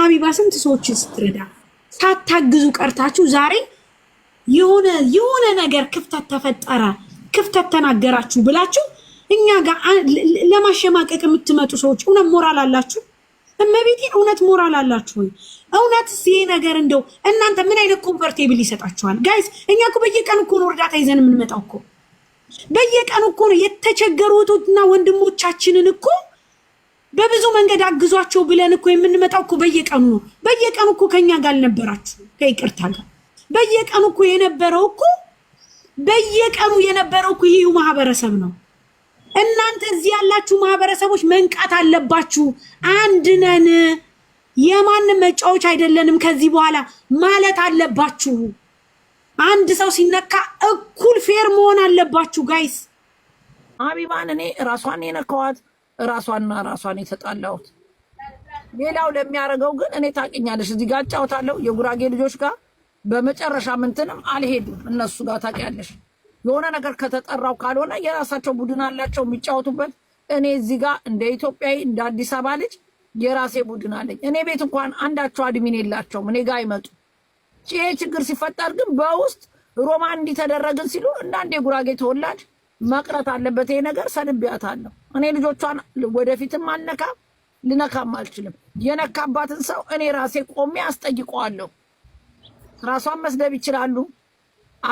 ሀቢባ ስንት ሰዎችን ስትረዳ ሳታግዙ ቀርታችሁ ዛሬ የሆነ የሆነ ነገር ክፍተት ተፈጠረ፣ ክፍተት ተናገራችሁ ብላችሁ እኛ ጋር ለማሸማቀቅ የምትመጡ ሰዎች እውነት ሞራል አላችሁ? እመቤቴ እውነት ሞራል አላችሁ ወይ? እውነት ይሄ ነገር እንደው እናንተ ምን አይነት ኮምፈርቴብል ይሰጣችኋል? ጋይስ እኛ እኮ በየቀኑ እኮ ነው እርዳታ ይዘን የምንመጣው እኮ በየቀኑ እኮ ነው የተቸገሩትና ወንድሞቻችንን እኮ በብዙ መንገድ አግዟቸው ብለን እኮ የምንመጣው እኮ በየቀኑ ነው። በየቀኑ እኮ ከኛ ጋር አልነበራችሁ ከይቅርታ ጋር በየቀኑ እኮ የነበረው እኮ በየቀኑ የነበረው እኮ ይህ ማህበረሰብ ነው። እናንተ እዚህ ያላችሁ ማህበረሰቦች መንቃት አለባችሁ። አንድ ነን፣ የማንም መጫወች አይደለንም። ከዚህ በኋላ ማለት አለባችሁ። አንድ ሰው ሲነካ እኩል ፌር መሆን አለባችሁ ጋይስ። አቢባን እኔ ራሷን የነካዋት ራሷና ራሷን የተጣላሁት። ሌላው ለሚያደርገው ግን እኔ ታውቂኛለሽ፣ እዚህ ጋር እጫወታለሁ የጉራጌ ልጆች ጋር በመጨረሻ ምንትንም አልሄድም እነሱ ጋር ታውቂያለሽ። የሆነ ነገር ከተጠራው ካልሆነ የራሳቸው ቡድን አላቸው የሚጫወቱበት። እኔ እዚህ ጋር እንደ ኢትዮጵያዊ እንደ አዲስ አበባ ልጅ የራሴ ቡድን አለኝ። እኔ ቤት እንኳን አንዳቸው አድሚን የላቸውም፣ እኔ ጋር አይመጡ። ይሄ ችግር ሲፈጠር ግን በውስጥ ሮማ እንዲተደረግን ሲሉ እንዳንድ የጉራጌ ተወላጅ መቅረት አለበት ይሄ ነገር። ሰንቢያታለሁ እኔ ልጆቿን ወደፊትም አልነካ ልነካም አልችልም። የነካባትን ሰው እኔ ራሴ ቆሜ አስጠይቀዋለሁ። ራሷን መስደብ ይችላሉ።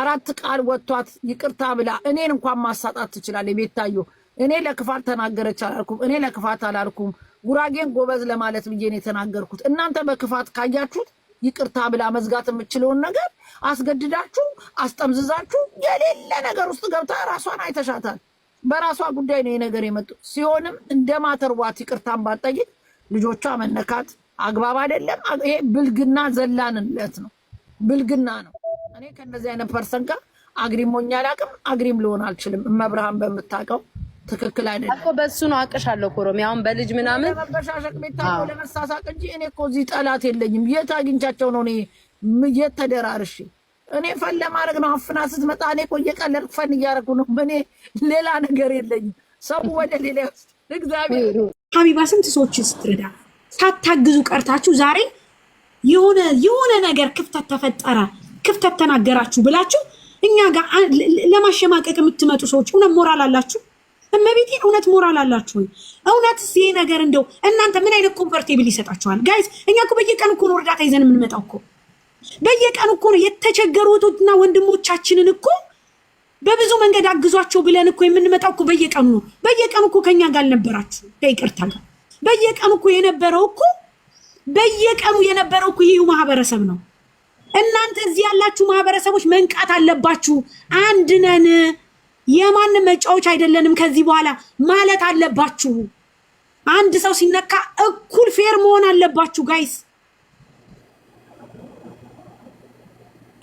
አራት ቃል ወጥቷት ይቅርታ ብላ እኔን እንኳን ማሳጣት ትችላለች። ቤታዮ እኔ ለክፋት ተናገረች አላልኩም። እኔ ለክፋት አላልኩም። ጉራጌን ጎበዝ ለማለት ብዬ ነው የተናገርኩት። እናንተ በክፋት ካያችሁት ይቅርታ ብላ መዝጋት የምችለውን ነገር አስገድዳችሁ አስጠምዝዛችሁ የሌለ ነገር ውስጥ ገብታ ራሷን አይተሻታል። በራሷ ጉዳይ ነው ነገር የመጡ ሲሆንም እንደ ማተርዋት ይቅርታን ባጠይቅ ልጆቿ መነካት አግባብ አይደለም። ይሄ ብልግና ዘላንለት ነው፣ ብልግና ነው። እኔ ከእነዚህ አይነት ፐርሰን ጋር አግሪም ሆኜ አላውቅም፣ አግሪም ልሆን አልችልም። እመብርሃን በምታውቀው ትክክል አይደለም እኮ በሱ ነው አቅሻለሁ። ኮሮሚያውን በልጅ ምናምን በሻሸቅ ቤታ ለመሳሳቅ እንጂ እኔ እኮ እዚህ ጠላት የለኝም። የት አግኝቻቸው ነው እኔ የት ተደራርሽ? እኔ ፈን ለማድረግ ነው። አፍና ስትመጣ እኔ እኮ እየቀለድኩ ፈን እያደረጉ ነው። እኔ ሌላ ነገር የለኝም። ሰው ወደ ሌላ ውስጥ እግዚአብሔር ሀቢባ ስንት ሰዎችን ስትረዳ ሳታግዙ ቀርታችሁ ዛሬ የሆነ የሆነ ነገር ክፍተት ተፈጠረ፣ ክፍተት ተናገራችሁ ብላችሁ እኛ ጋር ለማሸማቀቅ የምትመጡ ሰዎች እውነት ሞራል አላችሁ? እመቤት እውነት ሞራል አላችሁ ወይ? እውነት ይሄ ነገር እንደው እናንተ ምን አይነት ኮምፈርቴብል ይሰጣችኋል? ጋይስ እኛ እኮ በየቀን እኮ ነው እርዳታ ይዘን የምንመጣው እኮ በየቀን እኮ ነው የተቸገሩ እህቶችና ወንድሞቻችንን እኮ በብዙ መንገድ አግዟቸው ብለን እኮ የምንመጣው እኮ በየቀኑ ነው። በየቀኑ እኮ ከኛ ጋር አልነበራችሁ ከይቅርታ ጋር በየቀኑ እኮ የነበረው እኮ በየቀኑ የነበረው እኮ ይህ ማህበረሰብ ነው። እናንተ እዚህ ያላችሁ ማህበረሰቦች መንቃት አለባችሁ። አንድ ነን። የማንም መጫወች አይደለንም ከዚህ በኋላ ማለት አለባችሁ። አንድ ሰው ሲነካ እኩል ፌር መሆን አለባችሁ ጋይስ፣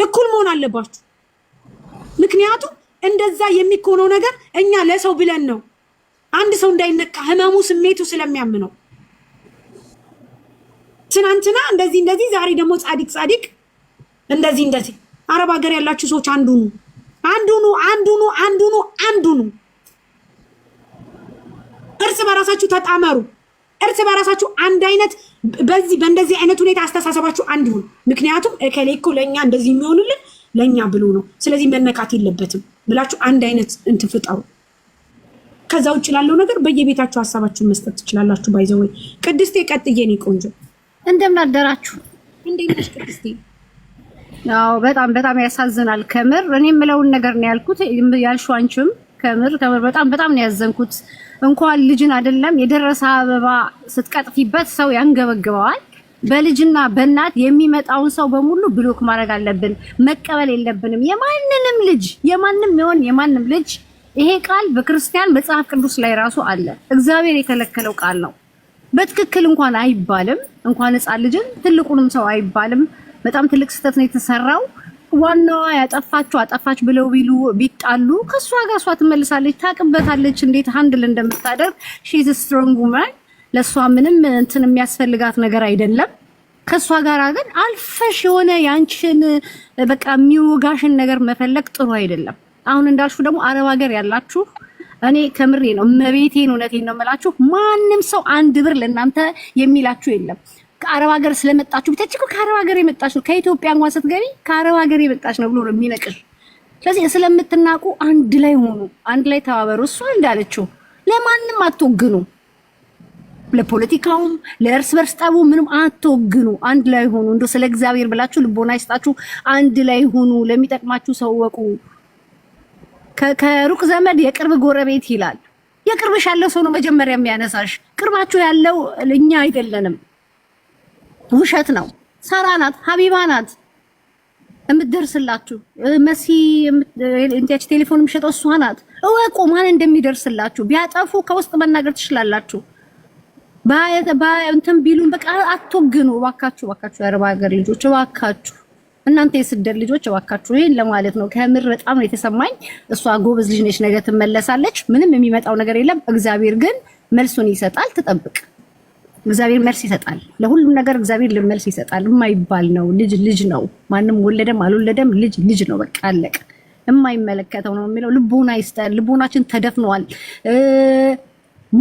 እኩል መሆን አለባችሁ። ምክንያቱም እንደዛ የሚኮነው ነገር እኛ ለሰው ብለን ነው። አንድ ሰው እንዳይነካ ህመሙ፣ ስሜቱ ስለሚያምነው ትናንትና እንደዚህ እንደዚህ፣ ዛሬ ደግሞ ጻዲቅ ጻዲቅ እንደዚህ እንደዚህ። አረብ ሀገር ያላችሁ ሰዎች አንዱ ነው። አንዱኑ አንዱኑ አንዱኑ አንዱኑ እርስ በራሳችሁ ተጣመሩ። እርስ በራሳችሁ አንድ አይነት በዚህ በእንደዚህ አይነት ሁኔታ አስተሳሰባችሁ አንድ ይሁን። ምክንያቱም እከሌ እኮ ለእኛ እንደዚህ የሚሆንልን ለእኛ ብሎ ነው፣ ስለዚህ መነካት የለበትም ብላችሁ አንድ አይነት እንትን ፍጠሩ። ከዛ ውጭ ላለው ነገር በየቤታችሁ ሀሳባችሁን መስጠት ትችላላችሁ። ባይዘወይ ቅድስቴ፣ ቀጥዬ እኔ ቆንጆ እንደምን አደራችሁ? እንዴት ነሽ ቅድስቴ? አዎ በጣም በጣም ያሳዝናል። ከምር እኔ የምለውን ነገር ነው ያልኩት ያልሽው አንቺም ከምር ከምር በጣም በጣም ነው ያዘንኩት። እንኳን ልጅን አይደለም የደረሰ አበባ ስትቀጥፊበት ሰው ያንገበግበዋል። በልጅና በእናት የሚመጣውን ሰው በሙሉ ብሎክ ማድረግ አለብን። መቀበል የለብንም የማንንም ልጅ የማንም ይሆን የማንም ልጅ። ይሄ ቃል በክርስቲያን መጽሐፍ ቅዱስ ላይ ራሱ አለ። እግዚአብሔር የከለከለው ቃል ነው። በትክክል እንኳን አይባልም። እንኳን ሕፃን ልጅን ትልቁንም ሰው አይባልም። በጣም ትልቅ ስህተት ነው የተሰራው። ዋናዋ ያጠፋችሁ አጠፋች ብለው ቢሉ ቢጣሉ ከእሷ ጋር እሷ ትመልሳለች፣ ታቅበታለች እንዴት ሀንድል እንደምታደርግ ሺዝ ስትሮንግ ውመን። ለእሷ ምንም እንትን የሚያስፈልጋት ነገር አይደለም። ከእሷ ጋር ግን አልፈሽ የሆነ ያንቺን በቃ የሚወጋሽን ነገር መፈለግ ጥሩ አይደለም። አሁን እንዳልሹ ደግሞ አረብ ሀገር ያላችሁ እኔ ከምሬ ነው እመቤቴን እውነቴን ነው የምላችሁ። ማንም ሰው አንድ ብር ለእናንተ የሚላችሁ የለም። ከአረብ ሀገር ስለመጣችሁ ብቻችሁ እኮ ከአረብ ሀገር የመጣች ነው፣ ከኢትዮጵያ እንኳን ስትገቢ ከአረብ ሀገር የመጣች ነው ብሎ ነው የሚነቅር። ስለዚህ ስለምትናቁ አንድ ላይ ሆኑ፣ አንድ ላይ ተባበሩ። እሷ እንዳለችው ለማንም አትወግኑ፣ ለፖለቲካውም፣ ለእርስ በርስ ጠቡ፣ ምንም አትወግኑ። አንድ ላይ ሆኑ። እንዶ ስለ እግዚአብሔር ብላችሁ ልቦና ይስጣችሁ። አንድ ላይ ሆኑ። ለሚጠቅማችሁ ሰው ወቁ። ከሩቅ ዘመድ የቅርብ ጎረቤት ይላል። የቅርብሽ ያለው ሰው ነው መጀመሪያ የሚያነሳሽ። ቅርባችሁ ያለው እኛ አይደለንም። ውሸት ነው። ሳራ ናት፣ ሀቢባ ናት የምትደርስላችሁ። መሲ እንትያች ቴሌፎን የምሸጠው እሷ ናት። እወቁ ማን እንደሚደርስላችሁ። ቢያጠፉ ከውስጥ መናገር ትችላላችሁ። እንትን ቢሉን በቃ አትወግኑ። እባካችሁ እባካችሁ፣ የአረብ ሀገር ልጆች እባካችሁ፣ እናንተ የስደት ልጆች እባካችሁ። ይህን ለማለት ነው። ከምር በጣም ነው የተሰማኝ። እሷ ጎበዝ ልጅ ነች፣ ነገ ትመለሳለች። ምንም የሚመጣው ነገር የለም። እግዚአብሔር ግን መልሱን ይሰጣል። ትጠብቅ እግዚአብሔር መልስ ይሰጣል። ለሁሉም ነገር እግዚአብሔር መልስ ይሰጣል። የማይባል ነው። ልጅ ልጅ ነው። ማንም ወለደም አልወለደም ልጅ ልጅ ነው። በቃ አለቀ። የማይመለከተው ነው የሚለው ልቦና ይስጠን። ልቦናችን ተደፍነዋል።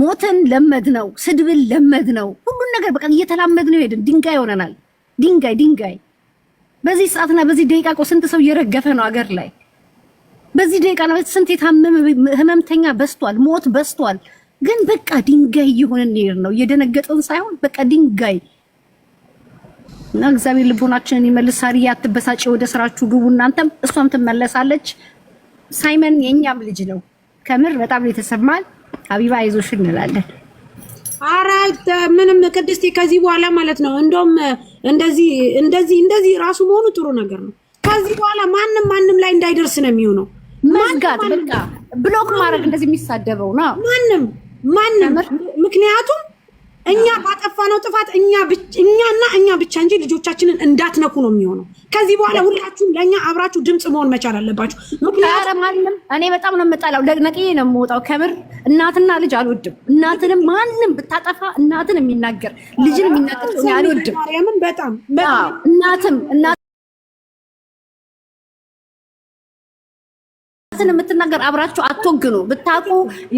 ሞትን ለመድ ነው። ስድብን ለመድ ነው። ሁሉን ነገር በቃ እየተላመድ ነው። ሄድን ድንጋይ ሆነናል። ድንጋይ ድንጋይ በዚህ ሰዓትና በዚህ ደቂቃ ቆ ስንት ሰው እየረገፈ ነው አገር ላይ። በዚህ ደቂቃ ስንት የታመመ ህመምተኛ በስቷል። ሞት በስቷል? ግን በቃ ድንጋይ የሆነ ነገር ነው። እየደነገጠን ሳይሆን በቃ ድንጋይ እና እግዚአብሔር ልቦናችንን ይመልሳል። አትበሳጭ፣ ወደ ስራችሁ ግቡ። እናንተም እሷም ትመለሳለች። ሳይመን የእኛም ልጅ ነው። ከምር በጣም የተሰማል። ሀቢባ አይዞሽ እንላለን። አራት ምንም ቅድስቴ፣ ከዚህ በኋላ ማለት ነው እንደውም እንደዚህ እንደዚህ እንደዚህ ራሱ መሆኑ ጥሩ ነገር ነው። ከዚህ በኋላ ማንም ማንም ላይ እንዳይደርስ ነው የሚሆነው። መዝጋት፣ በቃ ብሎክ ማድረግ፣ እንደዚህ የሚሳደበው ነው ማንም ማንም ምክንያቱም እኛ ባጠፋነው ጥፋት እኛና እኛ ብቻ እንጂ ልጆቻችንን እንዳትነኩ ነው የሚሆነው። ከዚህ በኋላ ሁላችሁም ለእኛ አብራችሁ ድምፅ መሆን መቻል አለባችሁ። ምክንያቱም እኔ በጣም ነው የምጠላው፣ ነቅዬ ነው የምወጣው። ከምር እናትና ልጅ አልወድም። እናትንም ማንም ብታጠፋ እናትን የሚናገር ልጅን የሚናገር አልወድም። በጣም እናትም ትን የምትናገር አብራችሁ አትወግኑ። ብታቁ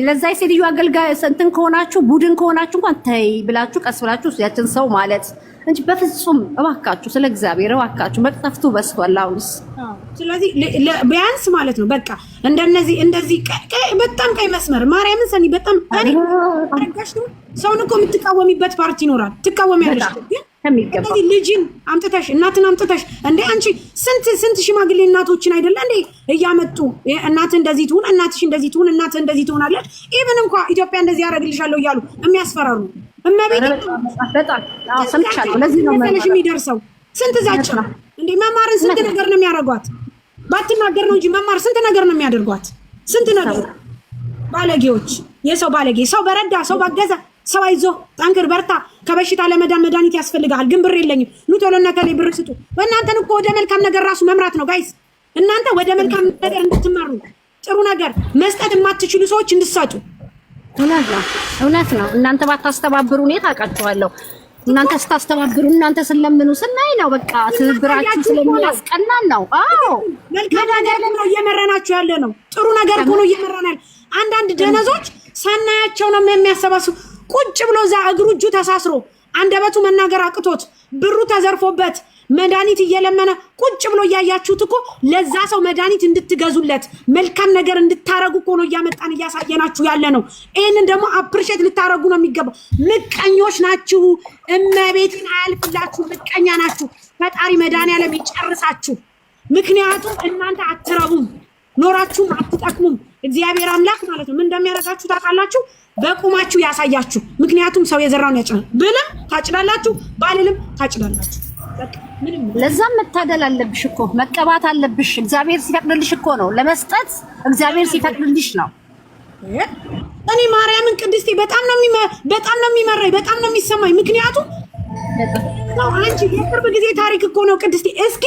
ለዛ የሴትዮ አገልጋይ እንትን ከሆናችሁ ቡድን ከሆናችሁ እንኳን ተይ ብላችሁ ቀስ ብላችሁ ያችን ሰው ማለት እንጂ በፍጹም እባካችሁ፣ ስለ እግዚአብሔር እባካችሁ፣ መቅጠፍቱ በስቷል። አሁንስ ስለዚህ ቢያንስ ማለት ነው በቃ እንደነዚህ እንደዚህ በጣም ቀይ መስመር ማርያምን ሰኒ በጣም ሰውን እኮ የምትቃወሚበት ፓርቲ ይኖራል። ትቃወሚያለሽ ግን ከሚገባ ልጅን አምጥተሽ እናትን አምጥተሽ እንደ አንቺ ስንት ስንት ሽማግሌ እናቶችን አይደለ እንዴ እያመጡ እናት እንደዚህ ትሁን፣ እናትሽ እንደዚህ ትሁን፣ እናት እንደዚህ ትሆናለች፣ ኢቨን እንኳ ኢትዮጵያ እንደዚህ ያደርግልሻለሁ እያሉ የሚያስፈራሩ እመቤት ሰምቻለሁ። የሚደርሰው ስንት ዛቻ እንዴ መማርን ስንት ነገር ነው የሚያደርጓት። ባትናገር ነው እንጂ መማር ስንት ነገር ነው የሚያደርጓት። ስንት ነገር ባለጌዎች፣ የሰው ባለጌ ሰው በረዳ ሰው ባገዛ ሰው አይዞ፣ ጠንክር፣ በርታ። ከበሽታ ለመዳን መድኃኒት ያስፈልግሃል። ግን ብር የለኝም፣ ኑ ቶሎና ከሌ ብር ስጡ። በእናንተን እኮ ወደ መልካም ነገር ራሱ መምራት ነው ጋይስ። እናንተ ወደ መልካም ነገር እንድትመሩ ጥሩ ነገር መስጠት የማትችሉ ሰዎች እንድሰጡ። እውነት ነው፣ እውነት ነው። እናንተ ባታስተባብሩ እኔ ታውቃችኋለሁ። እናንተ ስታስተባብሩ፣ እናንተ ስለምኑ ስናይ ነው በቃ ትብብራችሁ ስለሚያስቀናን ነው። አዎ መልካም ነገር ነው እየመረናችሁ ያለ ነው። ጥሩ ነገር ሆኖ እየመረናል። አንዳንድ ደነዞች ሳናያቸው ነው የሚያሰባስቡ ቁጭ ብሎ እዛ እግሩ እጁ ተሳስሮ አንደበቱ መናገር አቅቶት ብሩ ተዘርፎበት መድኃኒት እየለመነ ቁጭ ብሎ እያያችሁት እኮ ለዛ ሰው መድኃኒት እንድትገዙለት መልካም ነገር እንድታረጉ እኮ ነው እያመጣን እያሳየናችሁ ያለ ነው። ይህንን ደግሞ አፕሪሼት ልታረጉ ነው የሚገባው። ምቀኞች ናችሁ። እመቤትን አያልፍላችሁ። ምቀኛ ናችሁ። ፈጣሪ መድኃኒዓለም ይጨርሳችሁ። ምክንያቱም እናንተ አትረቡም፣ ኖራችሁም አትጠቅሙም። እግዚአብሔር አምላክ ማለት ነው ምን እንደሚያደርጋችሁ ታውቃላችሁ። በቁማችሁ ያሳያችሁ። ምክንያቱም ሰው የዘራውን ያጭዳል። ብልም ታጭዳላችሁ፣ ባልልም ታጭዳላችሁ። ለዛም መታደል አለብሽ እኮ መቀባት አለብሽ። እግዚአብሔር ሲፈቅድልሽ እኮ ነው ለመስጠት፣ እግዚአብሔር ሲፈቅድልሽ ነው። እኔ ማርያምን ቅድስቴ በጣም ነው በጣም ነው የሚመራኝ፣ በጣም ነው የሚሰማኝ። ምክንያቱም አንቺ የቅርብ ጊዜ ታሪክ እኮ ነው ቅድስቴ። እስኪ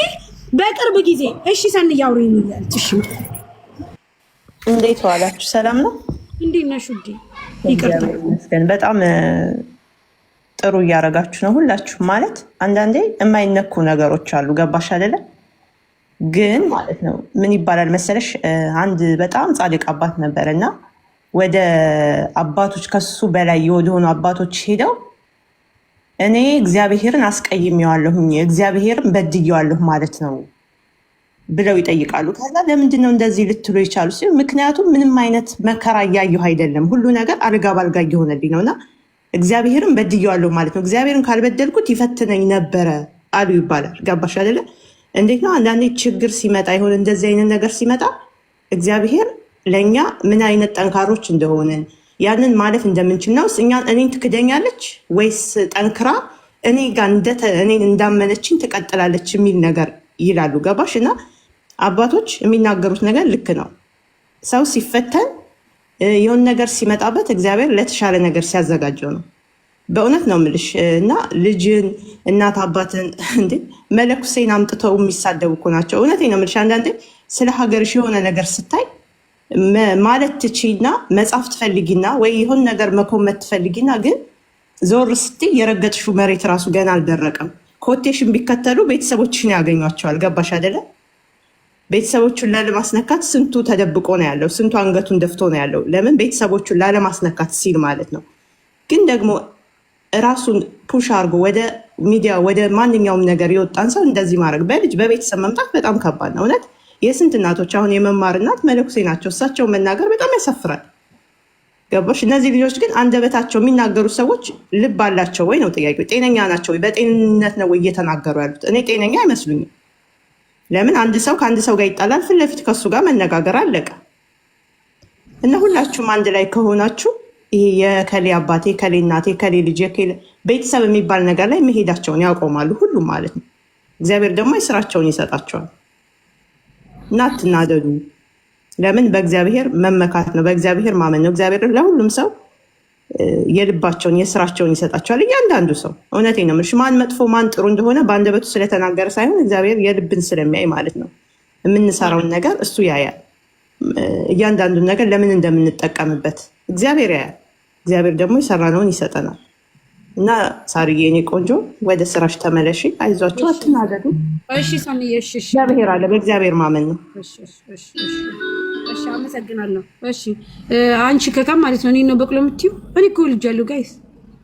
በቅርብ ጊዜ እሺ፣ ሰንዬ አውሪኝ እሺ እንዴት ዋላችሁ? ሰላም ነው? እንዴት ነሽ? ውዴ ይቅርታ በጣም ጥሩ እያደረጋችሁ ነው ሁላችሁ ማለት አንዳንዴ የማይነኩ ነገሮች አሉ። ገባሽ አይደለም። ግን ማለት ነው ምን ይባላል መሰለሽ፣ አንድ በጣም ጻድቅ አባት ነበር እና ወደ አባቶች ከሱ በላይ ወደሆኑ አባቶች ሄደው እኔ እግዚአብሔርን አስቀይሜዋለሁኝ፣ እግዚአብሔርን በድየዋለሁ ማለት ነው ብለው ይጠይቃሉ። ከዛ ለምንድን ነው እንደዚህ ልትሉ ይቻሉ ሲሆን ምክንያቱም ምንም አይነት መከራ እያየሁ አይደለም፣ ሁሉ ነገር አልጋ ባልጋ እየሆነብኝ ነውና እግዚአብሔርን በድያዋለሁ ማለት ነው። እግዚአብሔርን ካልበደልኩት ይፈትነኝ ነበረ አሉ ይባላል። ገባሽ አይደለም? እንዴት ነው አንዳንዴ ችግር ሲመጣ ይሆን እንደዚህ አይነት ነገር ሲመጣ እግዚአብሔር ለእኛ ምን አይነት ጠንካሮች እንደሆንን ያንን ማለፍ እንደምንችል ነው። እኔን ትክደኛለች ወይስ ጠንክራ እኔ ጋር እንዳመነችኝ ትቀጥላለች የሚል ነገር ይላሉ። ገባሽ እና አባቶች የሚናገሩት ነገር ልክ ነው። ሰው ሲፈተን የሆን ነገር ሲመጣበት እግዚአብሔር ለተሻለ ነገር ሲያዘጋጀው ነው። በእውነት ነው ምልሽ እና ልጅን እናት አባትን እንዴ መለኩሴን አምጥተው የሚሳደቡ እኮ ናቸው። እውነቴ ነው ምልሽ አንዳንዴ ስለ ሀገርሽ የሆነ ነገር ስታይ ማለት ትችና መጻፍ ትፈልጊና ወይ የሆን ነገር መኮመት ትፈልጊና ግን ዞር ስትይ የረገጥሹ መሬት ራሱ ገና አልደረቀም። ኮቴሽን ቢከተሉ ቤተሰቦችሽን ያገኟቸዋል። ገባሽ አይደለም? ቤተሰቦቹን ላለማስነካት ስንቱ ተደብቆ ነው ያለው፣ ስንቱ አንገቱን ደፍቶ ነው ያለው። ለምን ቤተሰቦቹን ላለማስነካት ሲል ማለት ነው። ግን ደግሞ ራሱን ፑሽ አድርጎ ወደ ሚዲያ ወደ ማንኛውም ነገር የወጣን ሰው እንደዚህ ማድረግ በልጅ በቤተሰብ መምጣት በጣም ከባድ ነው። እውነት የስንት እናቶች አሁን የመማር እናት መለኩሴ ናቸው። እሳቸው መናገር በጣም ያሳፍራል። ገባሽ? እነዚህ ልጆች ግን አንደበታቸው የሚናገሩት ሰዎች ልብ አላቸው ወይ ነው ጥያቄ። ጤነኛ ናቸው? በጤንነት ነው እየተናገሩ ያሉት? እኔ ጤነኛ አይመስሉኝም። ለምን አንድ ሰው ከአንድ ሰው ጋር ይጣላል? ፊት ለፊት ከሱ ጋር መነጋገር አለቀ እና ሁላችሁም አንድ ላይ ከሆናችሁ ይሄ የከሌ አባቴ ከሌ እናቴ ከሌ ልጅ ቤተሰብ የሚባል ነገር ላይ መሄዳቸውን ያቆማሉ፣ ሁሉም ማለት ነው። እግዚአብሔር ደግሞ የስራቸውን ይሰጣቸዋል። እና አትናደዱ። ለምን በእግዚአብሔር መመካት ነው፣ በእግዚአብሔር ማመን ነው። እግዚአብሔር ለሁሉም ሰው የልባቸውን የስራቸውን ይሰጣቸዋል። እያንዳንዱ ሰው እውነቴ ነው የምልሽ፣ ማን መጥፎ ማን ጥሩ እንደሆነ በአንደበቱ ስለተናገረ ሳይሆን እግዚአብሔር የልብን ስለሚያይ ማለት ነው። የምንሰራውን ነገር እሱ ያያል። እያንዳንዱን ነገር ለምን እንደምንጠቀምበት እግዚአብሔር ያያል። እግዚአብሔር ደግሞ የሰራነውን ይሰጠናል። እና ሳርዬ የኔ ቆንጆ ወደ ስራሽ ተመለሺ። አይዟቸው፣ አትናገዱ። እግዚአብሔር አለ፣ በእግዚአብሔር ማመን ነው። እሺ፣ አመሰግናለሁ። እሺ፣ አንቺ ከካም ማለት ነው። እኔ ነው በቅሎ የምትይው? እኔ እኮ ልጅ ጋይስ፣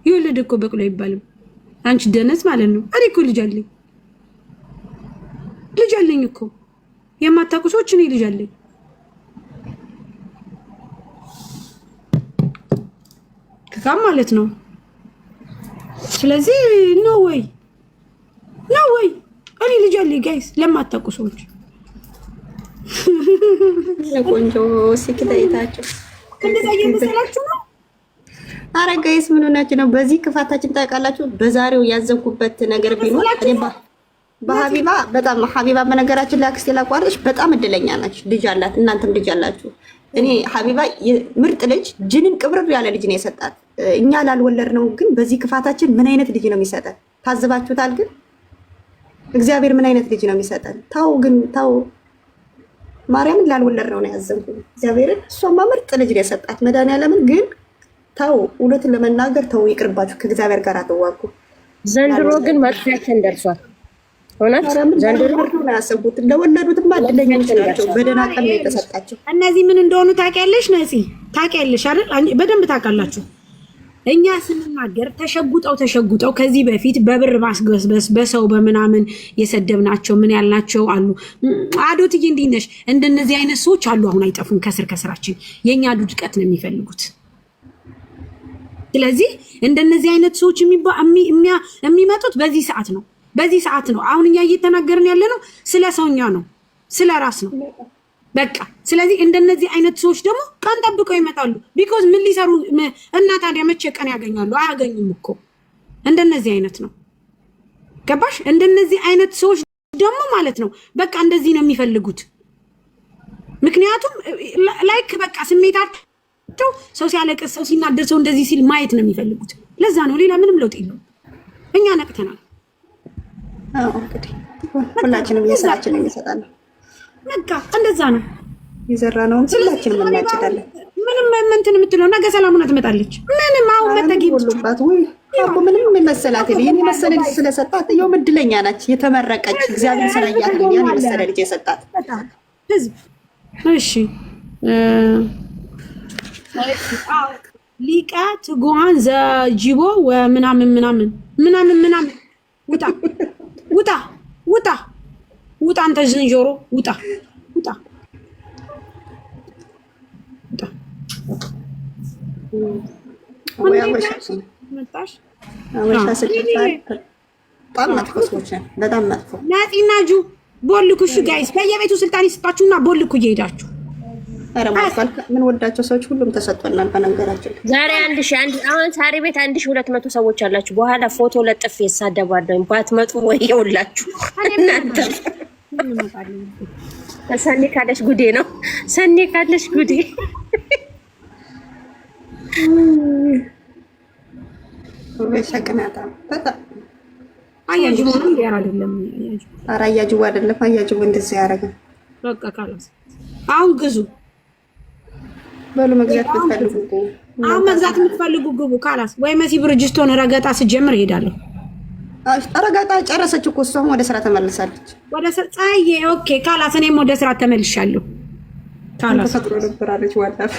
የወለደ እኮ በቅሎ አይባልም። አንቺ ደነዝ ማለት ነው። እኔ እኮ ልጅ አለኝ፣ ልጅ አለኝ እኮ የማታውቁ ሰዎች እኔ ልጅ አለኝ። ከካም ማለት ነው። ስለዚህ ኖ ወይ ኖ ወይ እኔ ልጅ አለኝ ጋይስ፣ ለማታውቁ ሰዎች ቆንጆ ሲክት አረ ጋይስ ምን ሆናችሁ ነው? በዚህ ክፋታችን ታውቃላችሁ። በዛሬው ያዘንኩበት ነገር ቢኖር በሀቢባ በጣም ሀቢባ፣ በነገራችን ላይ አክስቴ ላቋርጥሽ፣ በጣም እድለኛ ናችሁ። ልጅ አላት፣ እናንተም ልጅ አላችሁ። እኔ ሀቢባ ምርጥ ልጅ፣ ጅንን ቅብርር ያለ ልጅ ነው የሰጣት። እኛ ላልወለድ ነው ግን በዚህ ክፋታችን ምን አይነት ልጅ ነው የሚሰጠን? ታዝባችሁታል? ግን እግዚአብሔር ምን አይነት ልጅ ነው የሚሰጠን? ታው ግን ታው ማርያምን ላልወለድ ነው ነው ያዘንኩኝ። እግዚአብሔርን እሷማ ምርጥ ልጅ ነው የሰጣት መድኃኒዓለምን። ግን ተው እውነትን ለመናገር ተው፣ ይቅርባችሁ። ከእግዚአብሔር ጋር አትዋጉ። ዘንድሮ ግን መጥፊያችን ደርሷል። እውነት ዘንድሮ ነው እድለኞች ናቸው። በደህና ቀን ነው የተሰጣቸው። እነዚህ ምን እንደሆኑ ታውቂያለሽ ነፂ፣ ታውቂያለሽ አይደል? በደንብ ታውቃላችሁ። እኛ ስንናገር ተሸጉጠው ተሸጉጠው ከዚህ በፊት በብር ማስበስበስ በሰው በምናምን የሰደብናቸው ምን ያልናቸው አሉ። አዶትዬ እንዲህ ነሽ። እንደነዚህ አይነት ሰዎች አሉ። አሁን አይጠፉም። ከስር ከስራችን የእኛ ውድቀት ነው የሚፈልጉት። ስለዚህ እንደነዚህ አይነት ሰዎች የሚመጡት በዚህ ሰዓት ነው። በዚህ ሰዓት ነው። አሁን እኛ እየተናገርን ያለ ነው ስለ ሰውኛ ነው፣ ስለ ራስ ነው። በቃ ስለዚህ እንደነዚህ አይነት ሰዎች ደግሞ ቀን ጠብቀው ይመጣሉ። ቢኮዝ ምን ሊሰሩ እና ታዲያ መቼ ቀን ያገኛሉ? አያገኙም እኮ እንደነዚህ አይነት ነው። ገባሽ? እንደነዚህ አይነት ሰዎች ደግሞ ማለት ነው በቃ እንደዚህ ነው የሚፈልጉት። ምክንያቱም ላይክ በቃ ስሜታቸው ሰው ሲያለቅስ፣ ሰው ሲናደር፣ ሰው እንደዚህ ሲል ማየት ነው የሚፈልጉት። ለዛ ነው፣ ሌላ ምንም ለውጥ የለውም። እኛ ነቅተናል። ሁላችንም የስራችን እየሰጣ ነው በቃ እንደዛ ነው የዘራ ነው። ሁላችንም እናጭዳለን። ምንም እንትን የምትለው ነገ ሰላሙና ትመጣለች። ምንም አሁን መተጊሉባት አቦ ምንም መሰላት ይህን የመሰለ ልጅ ስለሰጣት የውም እድለኛ ናች። የተመረቀች እግዚአብሔር ስላያት ያን የመሰለ ልጅ የሰጣት ህዝብ። እሺ ሊቀ ትጉሃን ዘጂቦ ምናምን ምናምን ምናምን ምናምን ውጣ ውጣ ውጣ ውጣ፣ አንተ ዝንጀሮ ውጣ፣ ውጣ፣ ውጣ። መጣሽ በጣም መጥፎ ናጢና ጁ ቦልኩ። እሺ ጋይስ በየቤቱ ስልጣን ይስጣችሁና ቦልኩ እየሄዳችሁ ምን ወዳቸው ሰዎች ሁሉም ተሰጥቶናል። በነገራችን ዛሬ አንድ ሺህ አንድ አሁን ሳሪ ቤት አንድ ሺ ሁለት መቶ ሰዎች አላችሁ። በኋላ ፎቶ ለጥፍ ይሳደባለሁ። ባትመጡ ወየውላችሁ እናንተ ሰኒ ካለሽ ጉዴ ነው። ሰኒ ካለሽ ጉዴ ሸቅናታ አያጅቡ አይደለም፣ አያጅቡ አይደለም። አያጅቡ እንደዚህ ያደረገ በቃ ካላስ አሁን ግዙ በሉ መግዛት ብትፈልጉ አሁን መግዛት የምትፈልጉ ግቡ። ካላስ ወይ መሲ ብርጅስቶን ረገጣ ስጀምር እሄዳለሁ። ረገጣ ጨረሰች እኮ እሷም ወደ ስራ ተመልሳለች። ወደ ስራ ፀሐዬ። ኦኬ ካላስ እኔም ወደ ስራ ተመልሻለሁ። ካላስ ተፈጥሮ ነበራለች ዋላ